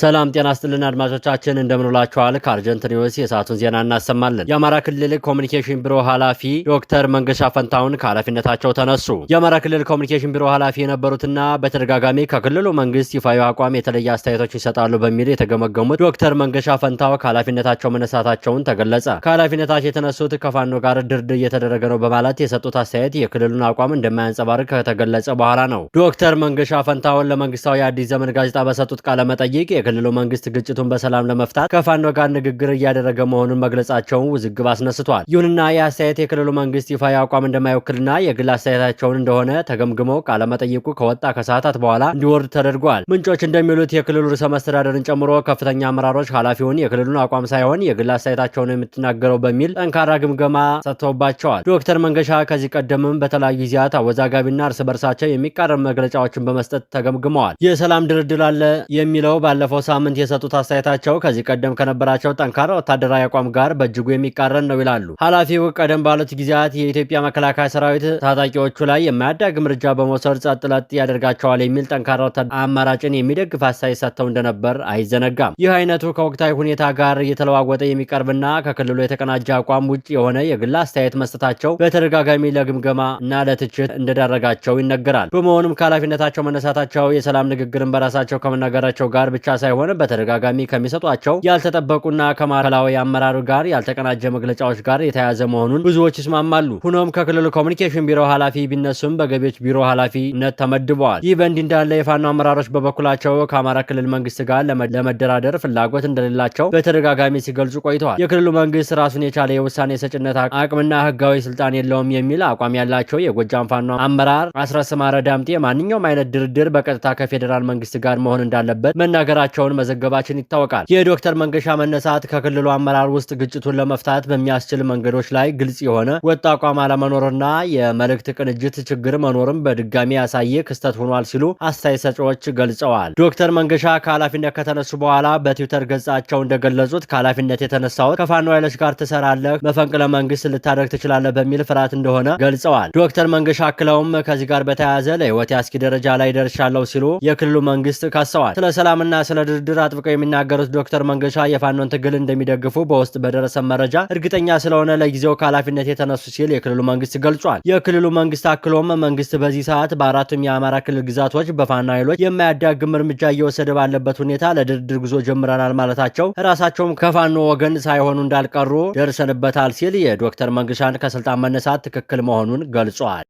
ሰላም ጤና ስጥልን አድማጮቻችን እንደምንውላችኋል። ከአርጀንት ኒውስ የሰዓቱን ዜና እናሰማለን። የአማራ ክልል ኮሚኒኬሽን ቢሮ ኃላፊ ዶክተር መንገሻ ፈንታውን ከኃላፊነታቸው ተነሱ። የአማራ ክልል ኮሚኒኬሽን ቢሮ ኃላፊ የነበሩትና በተደጋጋሚ ከክልሉ መንግስት ይፋዊ አቋም የተለየ አስተያየቶች ይሰጣሉ በሚል የተገመገሙት ዶክተር መንገሻ ፈንታው ከኃላፊነታቸው መነሳታቸውን ተገለጸ። ከኃላፊነታቸው የተነሱት ከፋኖ ጋር ድርድር እየተደረገ ነው በማለት የሰጡት አስተያየት የክልሉን አቋም እንደማያንጸባርቅ ከተገለጸ በኋላ ነው። ዶክተር መንገሻ ፈንታውን ለመንግስታዊ የአዲስ ዘመን ጋዜጣ በሰጡት ቃለ መጠይቅ የክልሉ መንግስት ግጭቱን በሰላም ለመፍታት ከፋኖ ጋር ንግግር እያደረገ መሆኑን መግለጻቸውን ውዝግብ አስነስቷል። ይሁንና የአስተያየት የክልሉ መንግስት ይፋ አቋም እንደማይወክልና የግል አስተያየታቸውን እንደሆነ ተገምግሞ ቃለመጠይቁ ከወጣ ከሰዓታት በኋላ እንዲወርድ ተደርጓል። ምንጮች እንደሚሉት የክልሉ ርዕሰ መስተዳደርን ጨምሮ ከፍተኛ አመራሮች ኃላፊውን የክልሉን አቋም ሳይሆን የግል አስተያየታቸውን የምትናገረው በሚል ጠንካራ ግምገማ ሰጥተውባቸዋል። ዶክተር መንገሻ ከዚህ ቀደምም በተለያዩ ጊዜያት አወዛጋቢና እርስ በርሳቸው የሚቃረም መግለጫዎችን በመስጠት ተገምግመዋል። የሰላም ድርድር አለ የሚለው ባለፈው ባለፈው ሳምንት የሰጡት አስተያየታቸው ከዚህ ቀደም ከነበራቸው ጠንካራ ወታደራዊ አቋም ጋር በእጅጉ የሚቃረን ነው ይላሉ። ኃላፊው ቀደም ባሉት ጊዜያት የኢትዮጵያ መከላከያ ሰራዊት ታጣቂዎቹ ላይ የማያዳግም እርምጃ በመውሰድ ጸጥ ለጥ ያደርጋቸዋል የሚል ጠንካራ አማራጭን የሚደግፍ አስተያየት ሰጥተው እንደነበር አይዘነጋም። ይህ አይነቱ ከወቅታዊ ሁኔታ ጋር እየተለዋወጠ የሚቀርብና ከክልሉ የተቀናጀ አቋም ውጭ የሆነ የግል አስተያየት መስጠታቸው በተደጋጋሚ ለግምገማ እና ለትችት እንደዳረጋቸው ይነገራል። በመሆኑም ከኃላፊነታቸው መነሳታቸው የሰላም ንግግርን በራሳቸው ከመናገራቸው ጋር ብቻ ሳይሆን በተደጋጋሚ ከሚሰጧቸው ያልተጠበቁና ከማዕከላዊ አመራር ጋር ያልተቀናጀ መግለጫዎች ጋር የተያያዘ መሆኑን ብዙዎች ይስማማሉ። ሆኖም ከክልሉ ኮሚኒኬሽን ቢሮ ኃላፊ ቢነሱም በገቢዎች ቢሮ ኃላፊነት ተመድበዋል። ይህ በእንዲህ እንዳለ የፋኖ አመራሮች በበኩላቸው ከአማራ ክልል መንግስት ጋር ለመደራደር ፍላጎት እንደሌላቸው በተደጋጋሚ ሲገልጹ ቆይተዋል። የክልሉ መንግስት ራሱን የቻለ የውሳኔ ሰጭነት አቅምና ህጋዊ ስልጣን የለውም የሚል አቋም ያላቸው የጎጃም ፋኖ አመራር አስረስማረ ዳምጤ ማንኛውም አይነት ድርድር በቀጥታ ከፌዴራል መንግስት ጋር መሆን እንዳለበት መናገራቸው መሆናቸውን መዘገባችን ይታወቃል። የዶክተር መንገሻ መነሳት ከክልሉ አመራር ውስጥ ግጭቱን ለመፍታት በሚያስችል መንገዶች ላይ ግልጽ የሆነ ወጥ አቋም አለመኖርና የመልእክት ቅንጅት ችግር መኖርም በድጋሚ ያሳየ ክስተት ሆኗል ሲሉ አስተያየት ሰጪዎች ገልጸዋል። ዶክተር መንገሻ ከኃላፊነት ከተነሱ በኋላ በትዊተር ገጻቸው እንደገለጹት ከኃላፊነት የተነሳሁት ከፋኖ ኃይሎች ጋር ትሰራለህ፣ መፈንቅለ መንግስት ልታደርግ ትችላለህ በሚል ፍርሃት እንደሆነ ገልጸዋል። ዶክተር መንገሻ አክለውም ከዚህ ጋር በተያያዘ ለህይወት አስጊ ደረጃ ላይ ደርሻለሁ ሲሉ የክልሉ መንግስት ከሰዋል። ስለ ሰላምና ስለ ድርድር አጥብቀው የሚናገሩት ዶክተር መንገሻ የፋኖን ትግል እንደሚደግፉ በውስጥ በደረሰ መረጃ እርግጠኛ ስለሆነ ለጊዜው ከኃላፊነት የተነሱ ሲል የክልሉ መንግስት ገልጿል። የክልሉ መንግስት አክሎም መንግስት በዚህ ሰዓት በአራቱም የአማራ ክልል ግዛቶች በፋኖ ኃይሎች የማያዳግም እርምጃ እየወሰደ ባለበት ሁኔታ ለድርድር ጉዞ ጀምረናል ማለታቸው ራሳቸውም ከፋኖ ወገን ሳይሆኑ እንዳልቀሩ ደርሰንበታል ሲል የዶክተር መንገሻን ከስልጣን መነሳት ትክክል መሆኑን ገልጿል።